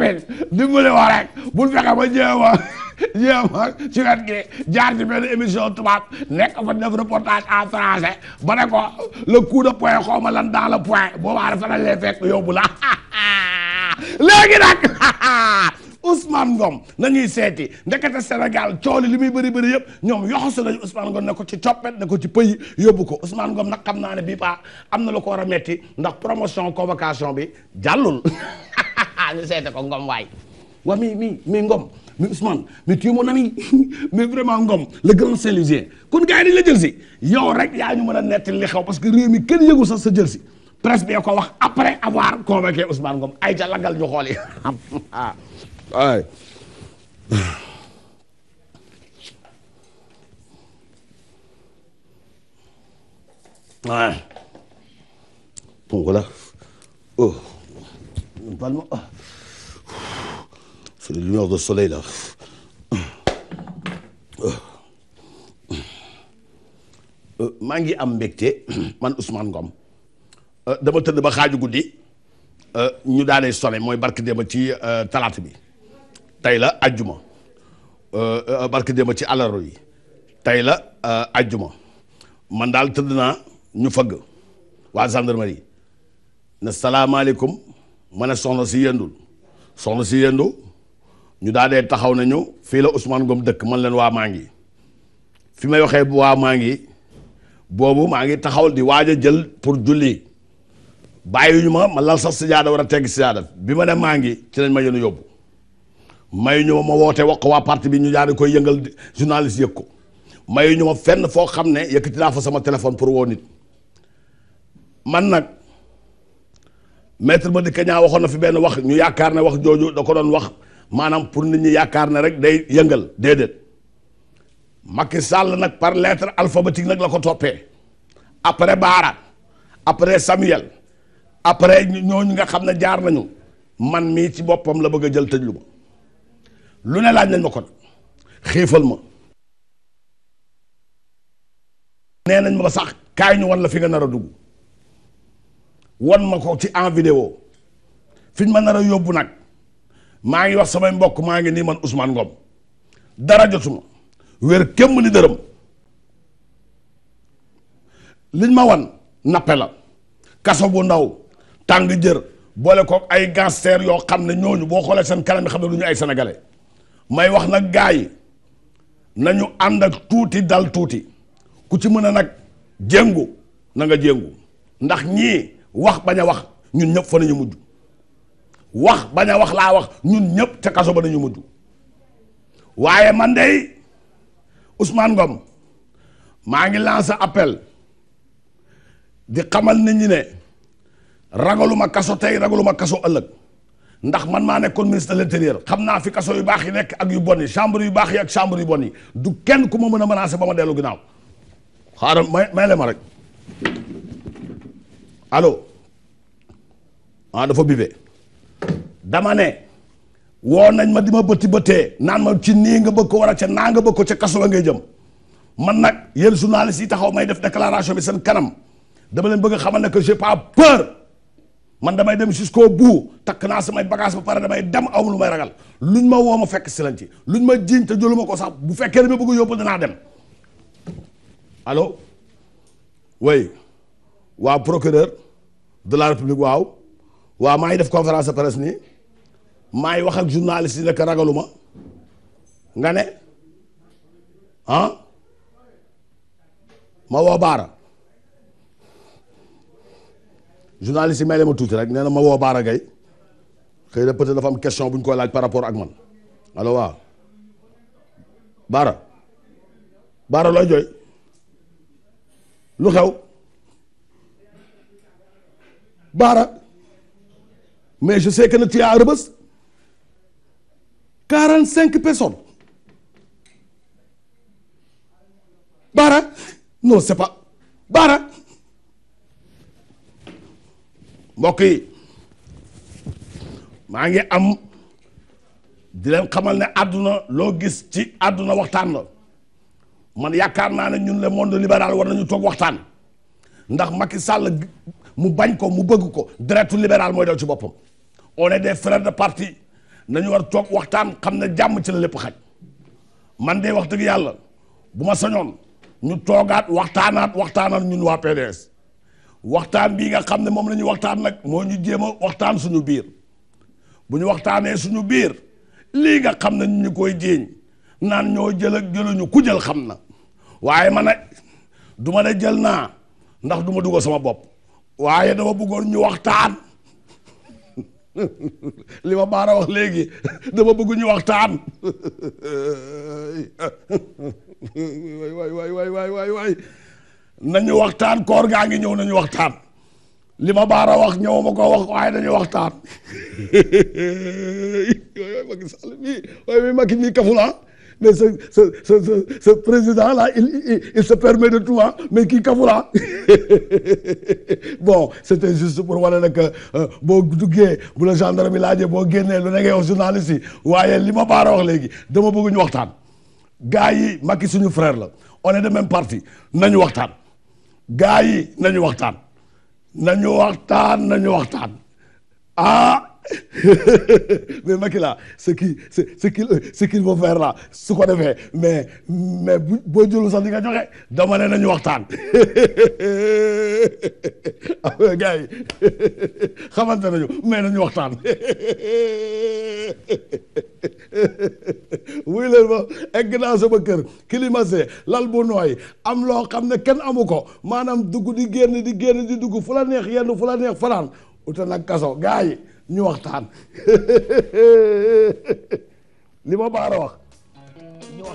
tamit dimbali woo rek bul fexe ba jéem a jéem a ci wet jaar ci benn émission tubaab nekk fa def reportage en français ba ne ko le coup de la xaw ma lan dans le poing boobaa dafa lay fekk yóbbu la léegi nag Ousmane Ngom nañuy seeti ndekete Sénégal cooli li muy bari bari yëpp ñoom yoxosu nañu Ousmane Ngom ne ko ci coppet ne ko ci pëyi yóbbu ko Ousmane Ngom nag xam naa ne bii paa am na lu ko war a metti ndax promotion convocation bi jàllul xaar ñu waay. waa mi mi mi Ngom mi Ousmane mi tu es mon vraiment Ngom le grand Saint-Louisien kon gars yi yow rek yaa ñu mën a li xew parce que réew mi kenn yëgu sa jël si bi ko wax après avoir convoqué Ousmane Ngom ay ca lagal ñu xool yi ah. c'est les lumières de soleil euh, maa ngi am mbégte man Ousmane Ngom euh, dama tëdd ba xaaju guddi euh, ñu daanee sone mooy barke démb ci talaat bi tey la ajjuma barke démb ci alaro yi tey la ajjuma man daal tëdd naa ñu fëgg waa gendarmerie ne salaamaaleykum ma ne soxna si yëndul soxna si yëndu ñu daa dee taxaw nañu fii la Ousmane Ngom dëkk man leen waa maa ngi fi may waxee waa maa ngi boobu maa ngi taxaw di waaj a jël pour julli bàyyi ñu ma ma lal sax sijaada war a tegg sijaada bi ma ne maa ngi ci lañ ma yenu yóbbu may ñu ma ma woote wax ko waa parti bi ñu daal di koy yëngal journaliste yëg ko may ñu ma fenn foo xam ne yëkkati naa fa sama téléphone pour woo nit man nag maître Madické Niang waxoon na fi benn wax ñu yaakaar ne wax jooju da ko doon wax maanaam pour nit ñi yaakaar ne rek day yëngal déedéet Macky Sall nag par lettre alphabétique nag la ko toppee après Baara après Samuel après ñooñu nga xam ne jaar nañu man mii ci boppam la bëgg a jël tëjlu ma lu ne laaj nañ ma ko xiifal ma. nee nañ ma ba sax kaay ñu wan la fi nga nar a dugg wan ma ko ci en vidéo fi ñu ma nar a yóbbu nag. maa ngi wax samay mbokk maa ngi nii man Ousmane Ngom dara jotuma wér kémm ni dërëm liñ ma wan nappe la kaso bu ndaw tàng jër boole ko ay gangster yoo xam ne ñooñu boo xoolee seen kanam xam ne du ñu ay senegale may wax nag gaa yi nañu ànd ak tuuti dal tuuti ku ci mën a nag jéngu na nga jéngu ndax ñii wax bañ a wax ñun ñëpp fa nañu mujj wax bañ a wax laa wax ñun ñëpp ca kaso ba dañu mujj waaye man dey Ousmane Ngom maa ngi lancé appel di xamal nit ñi ne ragaluma kaso tey ragaluma kaso ëllëg ndax man maa nekkoon ministre de l'intérieur xam naa fi kaso yu baax yi nekk ak yu bon yi chambre yu baax yi ak chambre yu bon yi du kenn ku ma mën a menacer ba ma dellu ginnaaw xaaral may may le ma rek allo ah dafa bibe dama ne woo nañ ma di ma bëtti bëttee naan ma ci nii nga bëgg ko war a ca naa nga bëgg ko ca kaso la ngay jëm man nag yéen journaliste yi taxaw may def déclaration bi seen kanam dama leen bëgg a xamal ne que j'ai pas peur man damay dem jusqu'au bout takk naa samay bagage ba pare damay dem aw lu may ragal luñ ma woo ma fekk si lañ ci luñ ma jiiñ te jëluma ko sax bu fekkee ne ma bëgg a yóbbu danaa dem allo oui waa procureur de la république waaw waaw maa ngi def conférence de presse maay wax ak journaliste yi nag ragaluma nga ne ah ma woo Baara journaliste yi may la ma tuuti rek nee na ma woo Baara Gaye xëy na peut-être dafa am question bu ñu koy laaj par rapport ak man allo waa Baara Baara looy jooy lu xew Baara mais ju sais que ne tu à Rebeuss quarante cinq personnes Baara non c'est Baara mbokk yi maa ngi am di leen xamal ne àdduna loo gis ci adduna waxtaan la man yaakaar naa ne ñun le monde libéral war nañu toog waxtaan ndax Macky Sall mu bañ ko mu bëgg ko deretu libéral mooy daw ci boppam on est des de parti. nañu war toog waxtaan xam ne jàmm ci la lépp xaj man de wax dëgg yàlla bu ma sañoon ñu toogaat waxtaanaat waxtaanaat ñun waa PDS waxtaan bii nga xam ne moom la waxtaan nag moo ñu jéem a waxtaan suñu biir bu ñu waxtaanee suñu biir lii nga xam ne ñu koy jéeñ naan ñoo jël ak jëluñu ku jël xam na waaye ma nag du ma ne jël naa ndax duma ma dugal sama bopp waaye dama bëggoon ñu waxtaan. lima ma baara wax léegi dama bëgg ñu waxtaan waay waay waay waay waay waay waay nañu waxtaan koor gaa ngi ñëw nañu waxtaan li ma baara wax ñëw ma wax waaye dañu waxtaan waay waay Macky Sall mii waay mi Macky mii kafula mais ce ce ce président la il il, il se permet de tout hein mais kii kafura bon c'était juste pour wane nag euh, boo duggee bu la gendarme bi laajee boo génnee lu nekkee yow journaliste yi waaye li ma baara wax léegi dama bëgg ñu waxtaan gars yi Macky suñu frère la on est de même parti nañu waxtaan gars yi nañu waxtaan nañu waxtaan nañu waxtaan ah. mais Macky là ce qui ce ce qu'il ce qu'il veut su ko defee mais mais bu boo jëlu sax di nga joxe dama ne nañu waxtaan ah gars yi xamante nañu mais nañu waxtaan wuy leen ma egg naa sama kër climatisé lal bu nooy am loo xam ne kenn amu ko maanaam dugg di génn di génn di dugg fu neex yenn fu neex fanaan uta kaso gars yi ñu waxtaan li ma baara wax